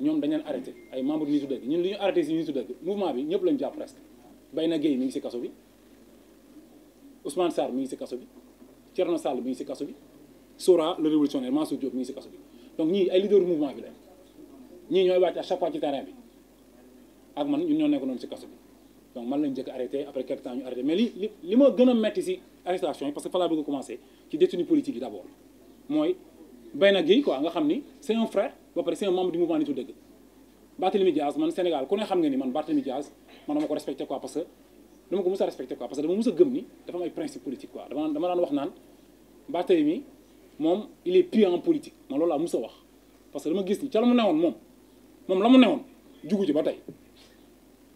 ñoom dañu leen ay membre Nitu Dëgg ñun li ñu arrêté si Nitu Dëgg mouvement bi ñëpp lañu jàpp presque Bayna Gueye mi ngi si kaso bi Ousmane Sarr mi ngi si kaso bi Thierno Sall mi ngi si kaso bi Sora le révolutionnaire Mansour Diop mi ngi si kaso bi donc ñii ay leader mouvement bi lañ ñii ñooy wàcc à bi ak man ñun ñoo nekk noonu si kaso bi donc man lañ njëkk arrêté après quelque temps ñu arrêté mais li li li ma gën a metti si arrestation yi parce que fa laa bëgg a commencé ci détenu politique yi d' mooy Bayna Gueye quoi nga xam ni c'est un frère ba pare c'est un membre du mouvement Nittu Dëgg Barthélémy Diaz man Sénégal ku ne xam nga ni man Barthélémy Diaz man dama ko respecté quoi parce que dama ko mus a respecté quoi parce que dama mus a wax moom il est pur en politique man wax parce que dama gis ni ca la mu newoon moom moom la mu newoon jugu ci ba tey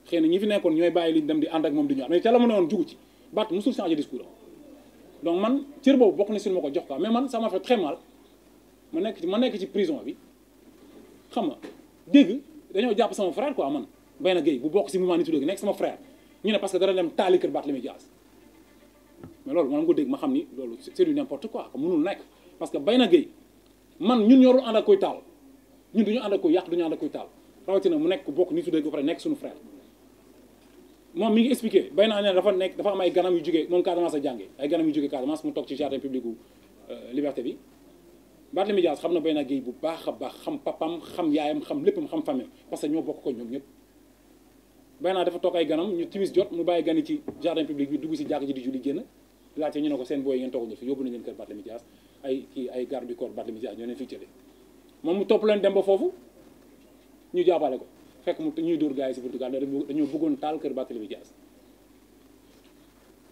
xëy na ñi fi nekkoon ñooy bàyyi liñ dem di ànd ak moom di ñëwaat mais ca la mu newoon jugu ci Barth musul changer discours donc man cër boobu bokk na si lu ma ko jox quoi mais man ça m'a mal ma nekk ci ma nekk ci prison bi xam nga dégg dañoo jàpp sama frère quoi man Mbayna Gueye bu bokk si mu mouvement Nittu Dëgg nekk sama frère ñu ne parce que dara dem taali kër Barthélémy Dias mais loolu man ko dégg ma xam ni loolu c'est du n'importe quoi mënul nekk parce que Mbayna Gueye man ñun ñorul ànd ak koy taal ñun duñu ànd ak koy yàq duñu ànd ak koy taal rawatina mu nekk bokk Nittu Dëgg ba nekk suñu frère moom mi ngi expliqué bay naa ne dafa nekk dafa am ay ganam yu jógee moom Casamance a jànge ay ganam yu jógee Casamance mu toog ci jardin public euh, liberté bi Barthélémy Dias xam na Bayna Gueye bu baax a baax xam papam xam yaayam xam léppam xam famille parce que ñoo bokk ko ñoom ñëpp Bayna dafa toog ay ganam ñu timis jot mu bàyyi gani ci jardin dugg si jàkk ji di julli ñu ne ko seen booy ngeen tooguñu fi yóbbu nañ leen kër moom mu topp leen dem ba foofu ñu jàppale ko fekk mu ñuy dóor gars yi si buntu gàll dañoo bëggoon taal kër Barthélémy Dias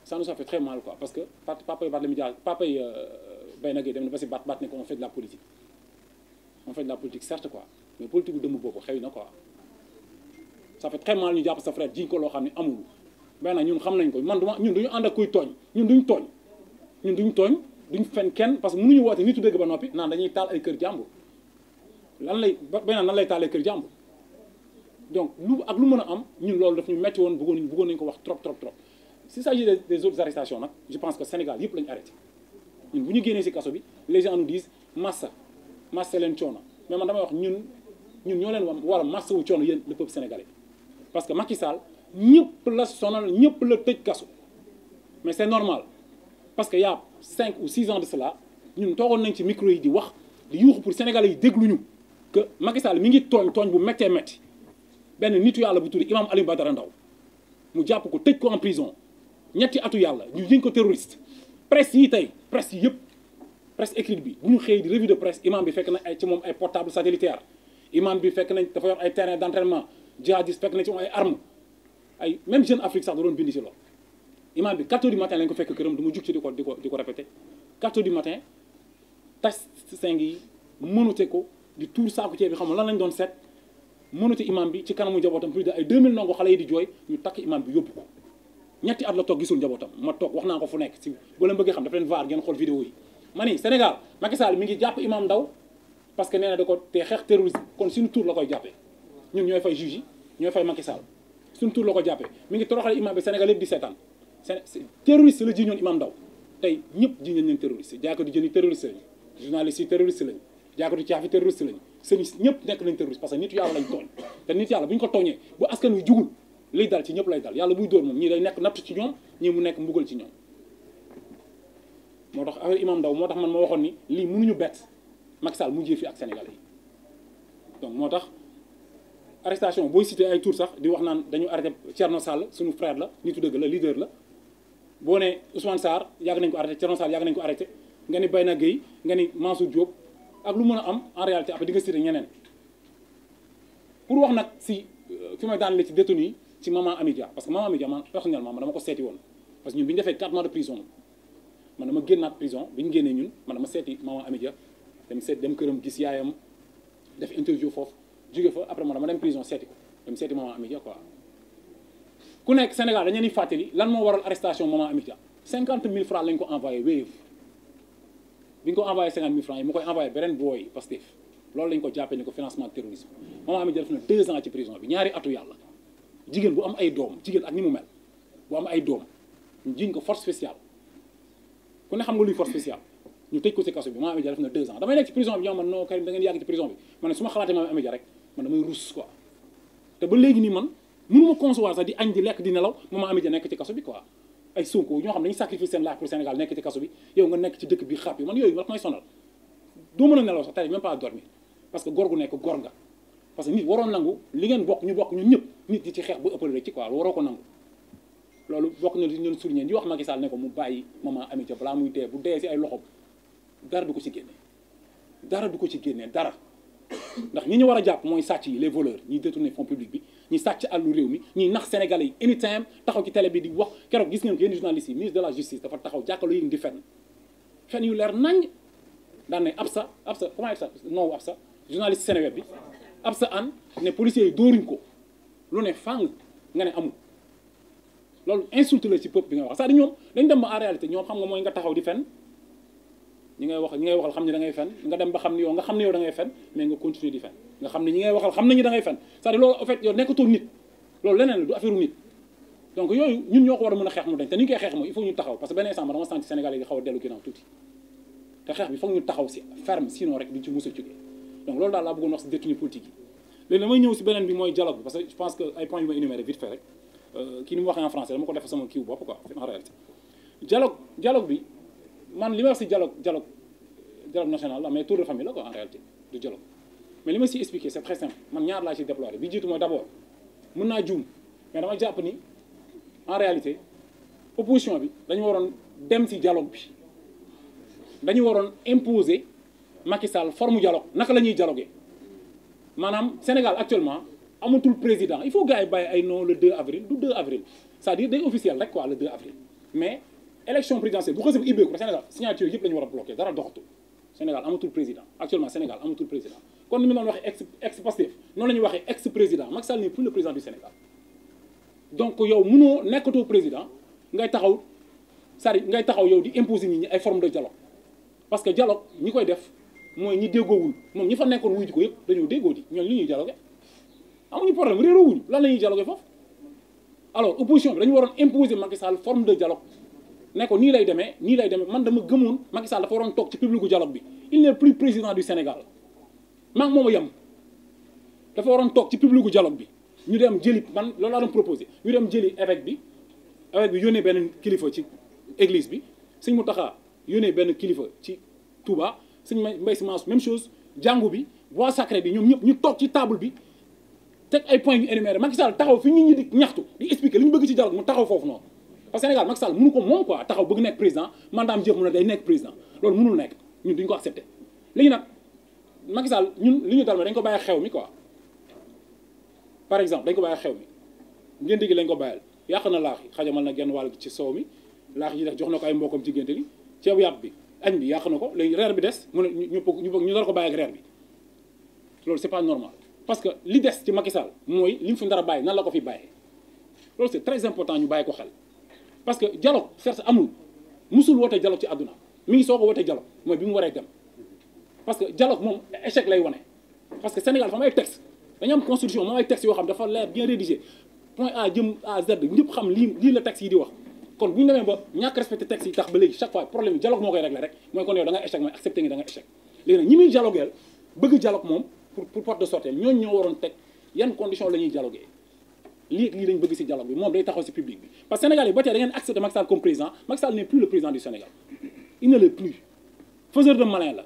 ça nous très mal quoi parce que papa yi Barthélémy Dias papa euh, bay nag dem na ba si baat baat ne ko on fait de la politique on fait de la politique certes quoi mais politique dëmb boobu xëy na quoi ça fait très mal ñu jàpp sa frère jiñ ko loo xam ne amul Baynag ñun xam nañ ko man duma ñun duñu ànd ak kuy tooñ ñun duñ tooñ ñun duñ tooñ duñ fen kenn parce que mënuñu woote nitu dëgg ba noppi naan dañuy taal ay kër jàmbur lan lay Baynag nan lay taalee kër jàmbur donc lu ak lu mën a am ñun loolu daf ñu metti woon bëggoon nañ bëggoon nañu wax trop trop trop s'il s'agit je pense que Sénégal yëpp lañu arrêté ñun bu ñu génnee si kaso bi les gens nous disent massa massa leen coono mais man damay wax ñun ñun ñoo leen war a massa wu coono yéen le peuple sénégalais parce que Macky Sall ñëpp la sonal ñëpp la tëj kaso mais c'est normal parce que yaa cinq ou six ans de cela ñun toogoon nañ ci micro yi di wax di yuuxu pour sénégalais yi dégluñu que Macky Sall mi ngi tooñ tooñ bu méttee métti benn nitu yàlla bu tudd imam Alioune Badara Ndao mu jàpp ko tëj ko en prison ñetti atu yàlla ñu yëñ ko terroriste presse yi tey presse yëpp presse écrite bi bu ñu xëyee di revue de presse imam bi fekk nañ ay ci moom ay portable satellitaire imam bi fekk nañ dafa yor ay terrain d' entraînement fekk nañ ci moom ay armes ay même Jeune Afrique sax da doon bind ci loolu imam bi 4 du matin lañ ko fekk këram du ma jug ci di ko di ko di ko répété 4 heures du matin tas seng yi mënute ko di tuur saaku ceeb bi xam lan lañ doon seet mënute imam bi ci kanamu njabootam plus de ay 2000 ndongo xale yi di jooy ñu takk imam bi ñetti at la toog gisul njabootam ma toog wax naa ko fu nekk si bu leen bëggee xam dafa leen vaar ngeen xool vidéo yi ma ni Sénégal Macky Sall ngi jàpp Imam Ndao parce que nee na da ko te xeex terrorisme kon suñu tur la koy jàppee ñun ñooy fay juge yi ñooy fay Macky suñu tur la ko jàppee mi ngi toroxale imam bi Sénégal yëpp di seetaan terroriste la ji ñoon ñëpp ji ñoon leen terroriste jaakatu jëni terroriste lañu journaliste yi terroriste lañu jaakatu caafi terroriste lañu sëñ ñëpp nekk nañ terroriste parce que nit yàlla lañ tooñ te nit yàlla bu ñu ko tooñee bu askan wi jugul liy dal ci ñëpp lay dal yàlla buy dóor moom ñii day nekk natt ci ñoom ñii mu nekk mbugal ci ñoom moo tax affaire imam Ndao moo tax man ma waxoon ni lii ñu bett Macky mu mujjee fi ak sénégalais yi donc moo tax arrestation booy cité ay tour sax di wax naan dañu arrêté Thierno Sall suñu frère la nitu dëgg la leader la boo ne Ousmane saar yàgg nañ ko arrêté Thierno Sall yàgg nañ ko arrêté nga ni bay Bayna Gueye nga ni Mansour Diop ak lu mën a am en réalité après di ñeneen pour wax nag si euh, fi may daan ci détenu yi ci maman Amidia parce que maman Amidia man personnellement man dama ko seeti woon parce que ñun bi ñu defee 4 mois de prison man dama génnaat prison bi ñu génnee ñun man dama seeti maman Amidia dem foofu jóge fa après man dama dem prison seeti ko dem seeti maman Amidia quoi. ku nekk Sénégal dañu leen di fàttali lan moo waral arrestation maman Amidia 50 000 francs lañ ko envoyé wave bi ñu ko envoyé 50 000 francs yi mu koy envoyé beneen booy Pastef loolu lañ ko jàppee ni ko financement terrorisme maman Amidia def na 2 ans ci prison bi ñaari atu yàlla. jigéen bu am ay doom jigéen ak ni mu mel ko force spéciale ku ne xam nga luy force spéciale ñu tëj ko ci kaso bi maa amee ja def na deux ans damay nekk ci prison bi ñoo man non Karim da ngeen yàgg ci prison bi man ne su ma xalaatee maa amee ja rek di añ di ma maa amee ja nekk ci kaso bi quoi ay Sonko ñoo xam dañuy sacrifice seen laaj pour Sénégal nekk ci kaso bi yow nga nekk ci dëkk bi xàpp yi man yooyu wax may sonal doo mën a nelaw sax tey même pas dormir parce que gor gu nekk gor nga parce que nit waroon nangu li ngeen bokk ñu bokk ñun ñëpp nit di ci xeex ba ëppal rek ci quoi waroo ko nangu loolu bokk na li ñu doon souligner di wax Macky Sall ne ko mu bàyyi maman Amy Dia balaa muy dee bu dee si ay loxoom dara du ko ci génne dara du ko ci génne dara ndax ñi ñu war a jàpp mooy sàcc yi les voleurs ñuy détourner fonds public bi ñuy sàcc àllu réew mi ñuy nax sénégalais yi anytime taxaw ci télé bi di wax keroog gis ngeen ko yéen journalistes yi ministre de la justice dafa taxaw jàkkaarloo yéen di fenn fenn yu leer nañ daan ne Absa Absa comment Absa non Absa journaliste Seneweb bi ab sa an ne policiers yi dóoruñ ko lu ne fàng nga ne amul loolu insulte la ci peuple bi nga wax cest à ñoom dañ dem ba en réalité xam nga mooy nga taxaw di fen ñi ngay wax ñi ngay waxal xam ne da ngay fen nga dem ba xam ne yow nga xam ne yow da ngay fen mais nga di loolu en yow nekkatul nit loolu leneen la du affaire nit donc yooyu ñun ñoo ko war a mën a xeex mu dañ te ni ñu koy xeex mooy il faut ñu taxaw parce que benn instant ma dama senti Sénégal yi di xaw dellu ginnaaw tuuti te xeex bi foog ñu taxaw si ferme rek duñ ci donc loolu daal laa bëggoon wax si détenu politique yi léegi damay ñëw si beneen bi mooy dialogue bi parce que je pense que ay points yu ma énuméré vite fait rek euh, kii ni mu waxee en français dama ko def sama kiiw bopp quoi en réalité dialogue dialogue bi man li ma wax si dialogue dialogue dialogue national la mais tour de famille la quoi en réalité du dialogue mais li ma si expliqué c'est très man ñaar laa ci déplorer bi jiitu mooy d'abord mën naa juum mais dama jàpp ni en réalité opposition bi dañu waroon dem si dialogue bi dañu waroon imposer Macky Sall forme dialogue naka la ñuy dialogué maanaam Sénégal actuellement amatul président il faut gars yi bàyyi ay non le 2 avril du 2 avril cest dire day officiel rek quoi le 2 avril mais élection présidentielle bu xasee bu ibbeeku rek Sénégal signature yëpp la ñu war a bloqué dara doxatul Sénégal amatul président actuellement Sénégal amatul président kon ni mu waxee ex ex Pastef noonu la ñuy waxee ex président Macky Sall n'est plus président donc yow mënoo nekkatoo président ngay taxaw sari ngay taxaw yow di imposer nit ñi ay forme de dialogue parce que dialogue ñi koy def. mooy ñi déggoowul moom ñi fa nekkoon wuy ji ko yëpp dañoo déggoo di ñooñu li ñuy dialogué amuñu problème réeroo wuñu lan la ñuy dialogué foofu alors opposition bi dañu waroon imposer Macky Sall forme de dialogue ne ko nii lay demee nii lay demee man dama gëmoon Macky Sall dafa waroon toog ci publicu dialogue bi il n'est plus président du Sénégal maag mooma yem dafa waroon toog ci publicu dialogue bi ñu dem jëli man loolu laa doon proposé ñu dem jëli évêque bi évêque bi yónnee benn kilifa ci église bi mu taxa yónnee benn kilifa ci Touba sëñ may mbay si maas même chose jàngu bi bois sacré bi ñoom ñëpp ñu toog ci table bi teg ay points yu énuméré Macky Sall taxaw fi ñu ñu di ñaxtu di expliquer li ñu bëgg ci dialogue mu taxaw foofu noonu parce que Sénégal Macky ko moom quoi taxaw bëgg nekk président mandaam jëf mu ne day nekk président loolu mënul nekk ñun duñu ko accepté léegi nag Macky Sall ñun li ñu dal dañ ko bàyyi xew mi quoi par exemple dañ ko bàyyi xew mi ngénte gi lañ ko bàyyal yàq na laax yi xajamal na genn wàll ci soow mi laax yi def jox na ko ay mbokkam ci ngénte gi ceebu yàpp bi añ bi yàq na ko léegi reer bi des mu ne ñu ñu dara ko bàyyi ak reer bi loolu c'est pas normal parce que li des ci Macky Sall mooy li mu fi ndara bàyyi nan la ko fi bàyyee loolu c'est très important ñu bàyyi ko xel parce que dialogue certes amul musul woote dialogue ci àdduna mi ngi soo ko wootee dialogue mooy bi mu waree dem parce que dialogue moom échec lay wone parce que Sénégal dafa am ay texte dañu am constitution moom ay texte yoo xam dafa leer bien rédigé point A jëm à Z ñëpp xam lii lii la texte yi di wax kon bu ñu demee ba ñàkk respecté texte yi tax ba léegi chaque fois problème dialogue moo koy réglé rek mooy kon yow da échec mooy accepté ngi da échec léegi nag ñi bëgg ñoo waroon teg yan la ñuy dialoguee lii lii bëgg si dialogue bi moom day taxaw si public bi parce que Sénégal yi ba tey la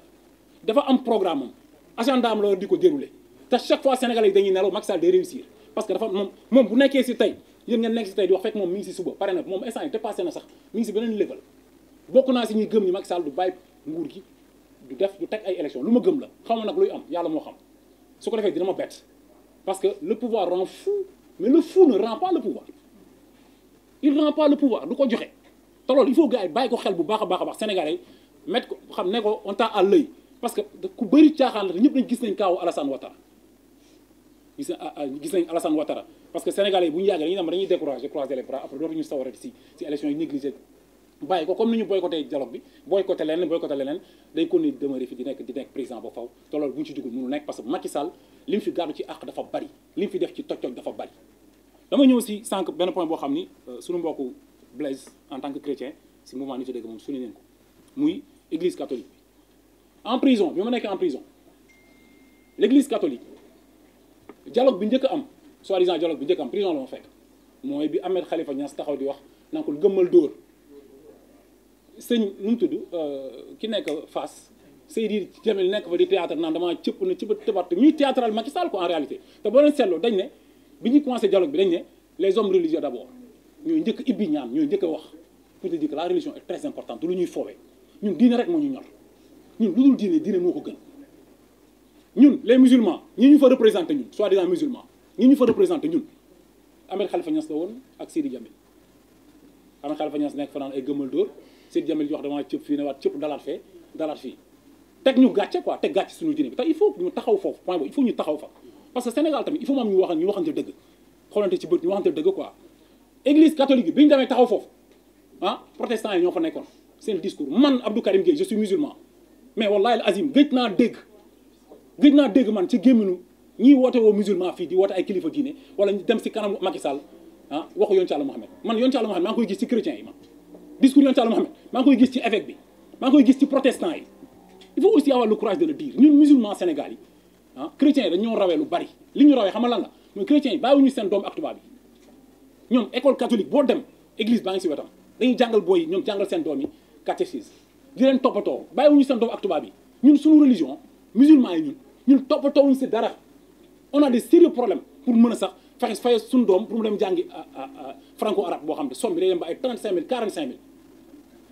dafa am programme am agenda di ko déroulé te chaque fois Sénégalais yi dañuy nelaw Macky Sall day réussir parce que dafa moom moom bu nekkee si tey yéen ngeen nekk si tey di wax fekk moom mi ngi si suba pare na moom instant yi dépassé na sax mi ngi si beneen level bokk naa si ñuy gëm ni Macky Sall du bàyyi nguur gi du def du teg ay élection lu ma gëm la xaw ma nag luy am yàlla moo xam su ko defee dina ma bett parce que le pouvoir rend fou mais le fou ne rend pas le pouvoir il rend pouvoir du ko joxe te loolu il faut gars yi bàyyi ko xel bu baax a baax a baax sénégalais mettre ko xam ne ko on t'a à l'œil parce que ku bëri caaxaan la te ñëpp nañ gis nañ kaawu Alassane Ouattara gis nañ ah, ah, gis nañ Alassane Ouattara parce que sénégalais yi bu ñu yàggee dañuy dem dañuy découragé croiser les bras après dootuñu sawarati si si élection yi négligé bàyyi ko comme ni ñu boycotté dialogue bi boycotté leneen boycotté leneen day kon ni demeurer fi di nekk di nekk président ba faw te bu ñu ci dugg mënu nekk parce que Macky Sall li mu fi gàddu ci àq dafa bari li fi def ci toj-toj dafa bari dama ñëw si sànq benn point boo xam ni euh, suñu mbokku Blaise en tant que chrétien si mouvement Nittu Dëgg moom bi en prison bi ma nekk en prison l' église catholique bi njëkk am soi-disant dialogue bi njëkkam prison la ma fekk mooy bi Ahmed Khalifa Niass taxaw di wax naan ko gëmmal dóor sëñ nu mu tudd euh, ki nekk fas Fass Seydi Djamil nekk fa di théâtre naan damaa cëpp na cëpp tëbat ñuy théâtral Macky Sall en réalité te boo leen seetloo dañ ne bi ñuy commencé dialogue bi dañ ne les hommes religieux d'abord ñooy njëkk ibbi ñaan ñooy njëkk wax pour te dire la religion est très importante lu ñuy foowee ñun diine rek moo ñu ñor ñun lu dul diine diine ko ñun les musulmans ñi ñu fa représenté ñun soi-disant ñi ñu fa représenté ñun Ahmed Khalifa Niass la woon ak Sidi Jamil Ahmed Khalifa Niass nekk fa ay gëmal dóor Sidi Jamil wax damaa cëpp fii ne waat cëpp dalaat fee dalaat fii teg ñu gàcce quoi teg gàcce suñu diine bi te il faut ñu taxaw foofu point boobu il faut ñu taxaw fa parce que Sénégal tamit il faut mu am ñu wax ñu waxante dëgg xoolante ci bët ñu waxante dëgg quoi église catholique bi ñu demee taxaw foofu ah protestants yi ñoo fa nekkoon seen discours man Abdou Karim Gueye je suis mais wallahi al azim gëj naa dégg gëj naa dégg man ci gémminu ñii woote woo musulman fii di woote ay kilifa diine wala si kanam Macky Sall ah waxu yoon ci Àlla Mohamed man yoon ci Àlla Mohamed maa ngi koy gis ci chrétiens yi man koy gis ci évêque bi maa ngi koy gis ci protestant yi il faut aussi avoir le ñun musulman Sénégal yi ah yi dañoo rawee lu bari li ñu rawee xam nga la mooy chrétiens yi bàyyiwuñu seen doom ak tubaab yi école catholique boo dem église baa si wetam dañuy jàngal booy yi ñoom jàngal seen doom yi catéchisme di leen toppatoo bàyyiwuñu seen doom ak tubaab yi ñun suñu religion musulman yi ñun ñun toppatoowuñu si dara on a des sérieux problèmes pour mën a sax fexe faye suñu doom pour mu dem jàngi euh, euh, euh, franco arabe boo xam ne somme bi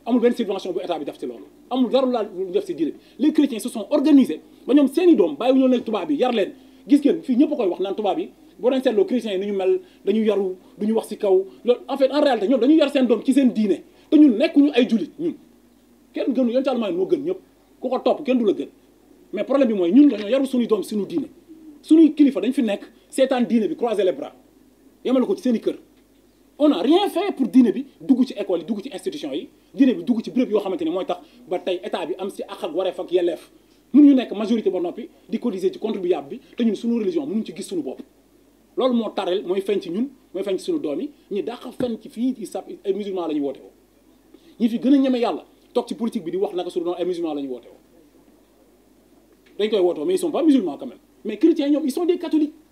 amul benn subvention bu état def ci loolu amul dara def ci diine bi les chrétiens se sont ba ñoom seen i doom bàyyi ñoo nekk tubaab yar leen gis ngeen fii ñëpp a koy wax naan tubaab yi boo daan seetloo chrétiens yi ni ñu mel dañu yaru duñu wax ci kaw en fait en réalité ñoom dañu yar seen doom ci seen diine te ñun nekkuñu ay jullit ñun kenn gënu yoon ci almaay moo du la gën mais problème bi mooy ñun dañoo yaru suñu doom suñuy kilifa dañ fi nekk seetaan diine bi croiser les bras yemale ko ci seen i kër on n'a rien fait pour diine bi dugg ci école yi dugg ci institution yi diine bi dugg ci béréb yoo xamante ne mooy tax ba tey état bi am si àq ak wareef ak yelleef mun ñu nekk majorité ba noppi di cotiser ci contribuable bi te ñun suñu religion mënuñ ci gis sunu bopp loolu moo taral mooy feeñ ci ñun mooy feeñ ci suñu doom yi ñu dàq fen ci fii i sab ay musulman la ñu woote woo ñi fi gën a ñeme yàlla toog ci politique bi di wax naka su doon ay la ñu woote woo dañ koy woote woo mais ils sont pas mais chrétiens ñoom ils sont des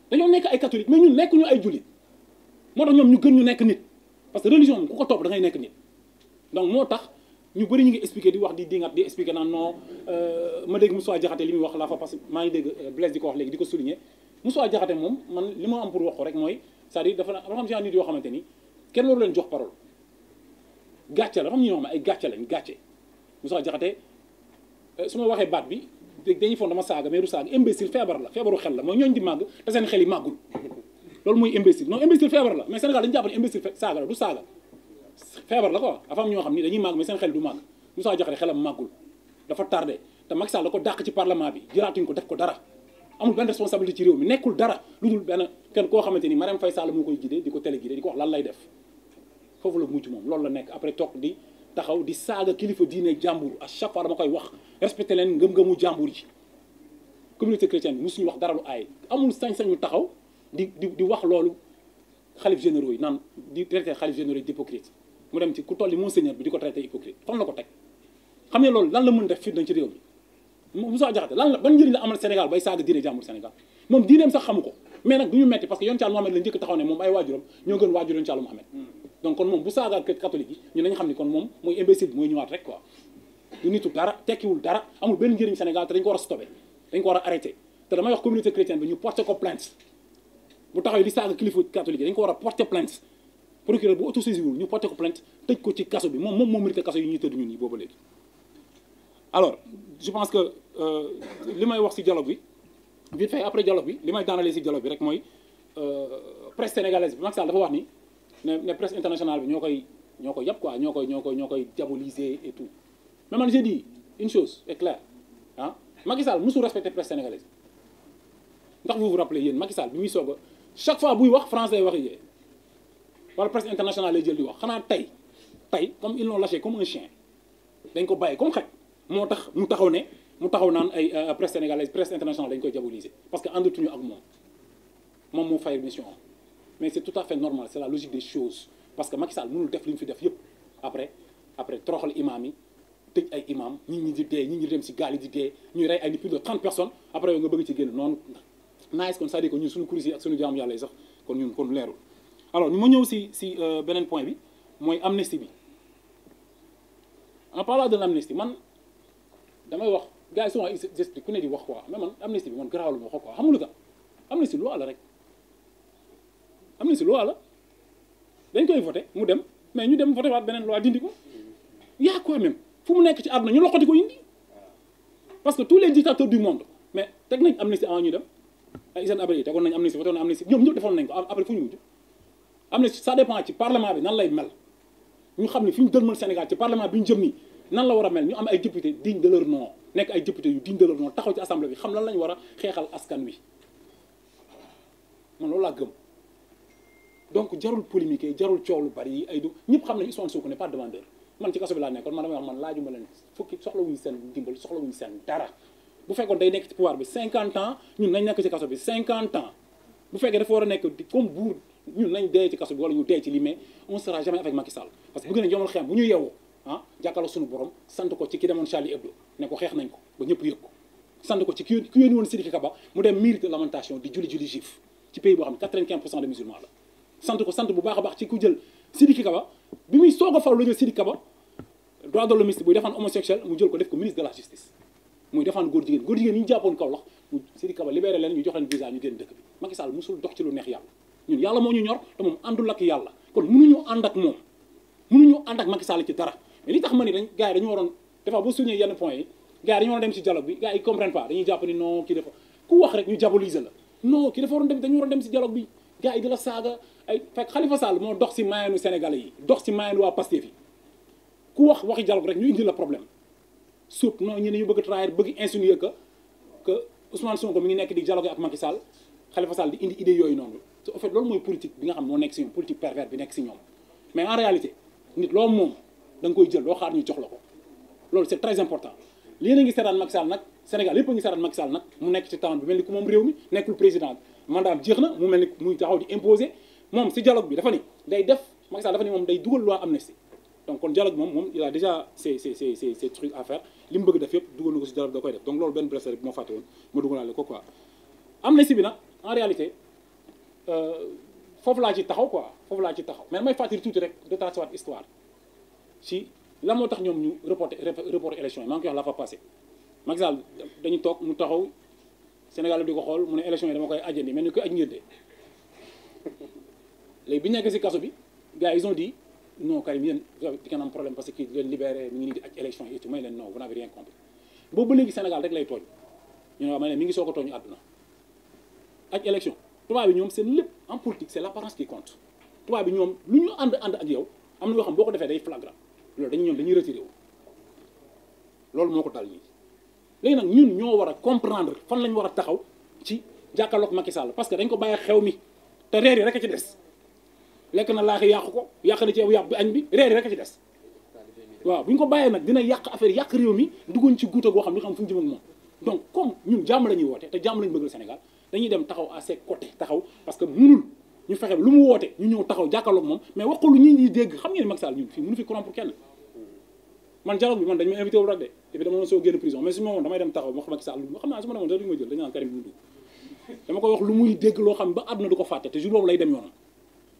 dañoo nekk ay catholiques mais nekk ñu ay jullit moo tax ñoom ñu gën ñu nekk nit parce que religion moom ko topp dangay nekk nit donc moo tax ñu bëri ñu ngi expliqué di wax di dingat di expliqué naa non euh, ma dégg Moussa Diakhaté li mu wax laa fa parce que maa ngi dégg euh, Blaise di ko wax léegi di ko souligner Moussa Diakhaté moom man li ma am pour wax ko rek mooy sa à dire dafa dafa xam genre nit yoo xamante ni kenn waru jox parole gàcce la dafa am ñoo xam ay gàcce lañ gàcce Moussa Diakhaté euh, su ma waxee baat bi dañuy foog dama saaga mais du saaga imbécile feebar la feebaru xel la mooy ñooñ di màgg te seen xel yi màggul loolu mooy imbécile non imbécile feebar la mais Sénégal dañu jàpp ne saaga la du saaga feebar la quoi dafa am ñoo xam ni dañuy màgg mais seen xel du màgg Moussa Diakhaté xelam màggul te Macky Sall la ko dàq ci parlement bi jëlaatuñ ko def ko dara amul benn responsabilité ci réew mi nekkul dara lu dul benn kenn koo xamante ni Marème Faye Sall moo koy gidee di ko télé gidee di ko wax lan lay def foofu la loolu la nekk après toog di taxaw di saaga kilifa diine jàmbur à chaque fois dama koy wax respecté leen ngëm-ngëmu jàmbur yi communauté chrétienne bi suñu wax dara lu aay amul sañ-sañu taxaw di di di wax loolu xalif généraux yi naan di traité xalif généraux yi d'hypocrite mu dem ci ku toll monseigneur bi di ko traité hypocrite fan la ko teg xam ne loolu lan la mën def fii dañ ci réew mi a Diakhaté lan la ban njëriñ la amal Sénégal bay saaga diine jàmbur Sénégal moom diineem ne moom ay waajuram ñoo gën waajur yoon Thial Mohamed donc kon moom bu saagaal catholique yi ñu nañ xam ni kon moom mooy imbécile bi mooy ñëwaat rek quoi du nitu dara tekkiwul dara amul benn njëriñ Sénégal dañ ko war a stoppé war arrêté te damay wax communauté chrétienne bi ñu porté ko plainte bu taxawee di saaga kilifa catholique dañ ko war a porté plainte procureur bu autosaisi wul ñu porté ko plainte tëj ko ci kaso bi moom moom moo mérité kaso yi ñuy tëdd ñun alors je pense que euh, li may wax si dialogue bi vite fait après dialogue bi li may daanalee si dialogue bi rek mooy euh, presse sénégalaise bi Macky Sall dafa wax ni ne ne presse internationale bi ñoo koy ñoo koy yàpp ñoo koy ñoo koy ñoo koy diaboliser et tout mais man j'ai dit une chose est claire ah Macky Sall musul respecter presse sénégalaise ndax vous vous rappelez yéen Macky Sall bi muy soog chaque fois buy wax français lay wax yee wala presse internationale lay jël di wax xanaa tey tey comme ils l'ont lâché comme un chien dañ ko bàyyi comme xaj moo tax mu taxaw ne mu taxaw naan ay euh, presse sénégalaise presse internationale dañ koy diaboliser parce que àndatuñu ak moom moom moo fay mission mais c'est tout à fait normal c'est la logique des choses parce que Macky Sall mënul def li ñu fi def yëpp après après toroxal imaam yi tëj ay imaam ñi ñi di dee ñi ñi dem si gaal yi di dee ñuy rey ay ni plus de 30 personnes après yow nga bëgg ci génn noonu naagis kon cest à ko que ñun suñu kurisi ak suñu jaamu yàlla yi sax kon ñun kon leerul alors ñu ma ñëw si si euh, beneen point bi mooy amnistie bi en parlant de l'amnistie man damay wax gars yi souvent ils expliquent ku ne di wax quoi mais man amnistie bi man ko quoi xamul nga amnistie loi rek amnistie loi la dañ koy voté mu dem mais ñu dem voté waat beneen loi dindi ko yaa quoi même fu mu nekk ci na ñu loxoti ko indi parce que tous les dictateurs du monde mais teg nañ amnistie avant ñu dem ay Hissène Habré yi tegoon nañ amnistie voté woon amnistie ñoom ñëpp defoon nañ ko après fu ñu mujj amnistie ça dépend ci parlement bi nan lay mel ñu xam ne fi ñu dëlmal Sénégal ci parlement bi ñu jëm nii nan la war a mel ñu am ay député digne de leur nom nekk ay député yu digne de xam lan lañ war a xeexal askan wi man loolu laa gëm donc jarul polémique jarul coow lu bari ay du ñëpp xam nañu Ousmane Sonko n'est pas demandeur man ci kaso bi laa nekk ci pouvoir bi 50 ans ñun nañ nekk ci kaso bi 50 ans bu fekkee dafa war a nekk comme buur ñun nañ dee ci kaso bi wala ñu dee ci li mais on jamais avec Macky Sall parce que bëgg nañ yomal xeex bu ñu yeewoo ah suñu borom sant ko ci ki demoon Charlie Hebdo ne xeex nañ ko ba ñëpp yëg ko sant ko ci ki ki woon la sant ko sant bu baax a baax ci ku jël Sidiki Kaba bi muy soog a faru la jël Sidiki droit de l'homme buy defaan homosexuel mu jël ko def ko ministre de la justice muy defaan góor jigéen góor jigéen yi ñu jàppoon Kaolack mu Sidiki Kaba libéré leen ñu jox leen visa ñu génn dëkk bi Macky Sall ci lu tax ma ni dañ gars yi dañu waroon des fois boo souligné yenn points yi gars dañu waroon dem ci dialogue bi gars yi comprennent pas dañuy jàpp ni non kii dafa ku wax rek ñu diaboliser la non kii dafa dem dañu waroon bi gars yi di la saaga ay fekk Khalifa Sall moo dox si maayaanu Sénégalais yi dox si maayaanu waa Pastef yi ku wax waxi dialogue rek ñu indi la problème suuf non ñu ne ñu bëgg trahir bëgg insinuer que que Ousmane Sonko mi ngi nekk di dialogue ak Macky Sall Khalifa Sall di indi idée yooyu noonu te en fait loolu mooy politique bi nga xam moo nekk si ñoom politique pervers bi nekk si ñoom mais en réalité nit loo moom da koy jël doo xaar ñu jox la ko loolu c'est très important lii na ngi seetaan Macky Sall nag Sénégal yëpp a ngi seetaan mu nekk ci temps mel ni ku moom réew mi nekkul président mandaam jeex na mu mel ni muy taxaw di imposer moom si dialogue bi dafa ni day def Macky Sall dafa ni moom day dugal loi amnistie donc kon dialogue moom moom il a déjà ses ses ses mu bëgg def yëpp dugal na ko si dialogue da koy def donc loolu benn blessé rek moo fàtte woon ma dugalaale ko quoi amnistie bi na en réalité euh, foofu laa ci taxaw quoi foofu laa ci taxaw mais may fàttali tuuti rek retracer waat histoire si la moo tax ñoom ñu reporté report élection yi maa ngi koy wax la fa passé m Sall toog mu taxaw Sénégal di ko xool mu ne élection yi dama koy ajandi mel ni koy aj ngénte léegi bi ñu nekkee si kaso bi gars yi ont dit non Karim yéen di ngeen am problème parce que leen libéré mi ngi nii di aj élection yi mooy leen non vous n'avez rien compris boobu ba léegi Sénégal rek lay tooñ ñu ne waaw ma ne mi ngi soo a tooñu àdduna aj élection tubaab bi ñoom seen lépp en politique c'est l'apparence qui compte tubaab bi ñoom lu ñu ànd ànd ak yow am na yoo xam boo ko defee day flagrant loolu dañu ñoom dañuy retiré wu loolu moo ko dal nii léegi nag ñun ñoo war a comprendre fan lañ war a taxaw ci jàkkaarloog Macky Sall parce que dañ ko bàyyi xew mi te reer yi rek a ci des lekk na laax yàqu ko yàq na ci aw yàpp bi añ bi reer yi rek a ci des waaw bu ñu ko bàyyee nag dina yàq affaire yàq réew mi duggoon ci guuta goo xam ne xam fu ñu jëm moom donc comme ñun jàmm la ñuy woote te jàmm la ñu bëggal Sénégal dañuy dem taxaw à ses côtés taxaw parce que munul ñu fexe lu mu woote ñu ñëw taxaw jàkkaarloog moom mais waxul lu ñuy dégg xam ngeen Macky Sall ñun fii mënu kenn man dialogue bi man dañu ma invité wul rek de et puis dama doon soo génn prison mais su ma woon damay dem taxaw ma xam ak wax lu muy dégg loo xam ba àdduna du ko fàtte te jour boobu lay dem yoonam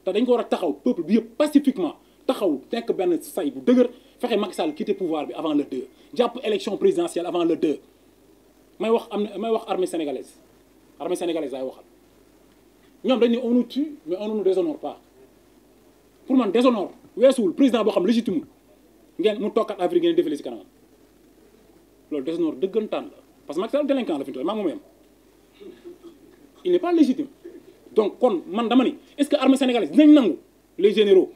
te dañ ko war a taxaw peuple bi yëpp pacifiquement taxaw nekk benn say bu dëgër fexe Macky Sall quitter pouvoir bi avant le 2 jàpp élection présidentielle avant le 2 may wax am na may wax armée sénégalaise armée sénégalaise laay waxal ñoom dañ ne on nous tue mais on ne nous déshonore pour man déshonore weesuwul président boo xam légitimul ngeen mu tokkat avril ngeen défilé si kanamam loolu désordre dëggantaan la parce que Macky Sall délinquant la fi il n'est pas légitime donc kon man dama ni est-ce que armée sénégalaise dinañ nangu les généraux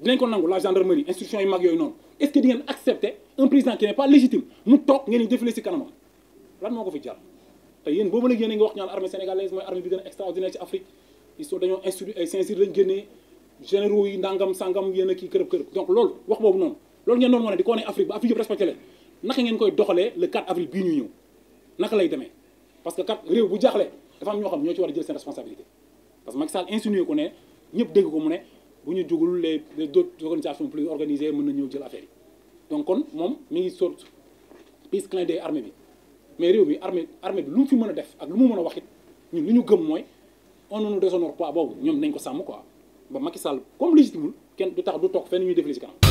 dinañ ko nangu la gendarmerie institution yu mag yooyu noonu est-ce que di ngeen accepter un président qui pas légitime mu toog ngeen di défilé si kanamam lan moo ko fi jar te yéen boobu la yéen a ngi wax ñaan armée sénégalaise mooy armée bi gën a extraordinaire ci yéen a kii kërëb kërëb donc loolu wax boobu noonu loolu ngeen doon wane di ko wane Afrique ba Afrique yëpp respecté leen naka ngeen koy doxalee le 4 avril bii ñuy ñëw naka lay demee parce que kat réew bu jaaxle dafa am ñoo xam ñoo ci war a jël seen responsabilité parce que Macky Sall ko ne ñëpp dégg ko mu ne bu ñu jugul les les autres organisations plus organisées mën na ñëw jël affaire yi donc kon moom mi ngi sot pis clin d'œil armée bi mais réew bi armée armée bi lu mu fi mën a def ak lu mu mën a wax it ñun li ñu gëm mooy on ne nous boobu ñoom nañ ko sàmm quoi ba Macky Sall comme légitimul kenn du tax du toog fenn ñuy def li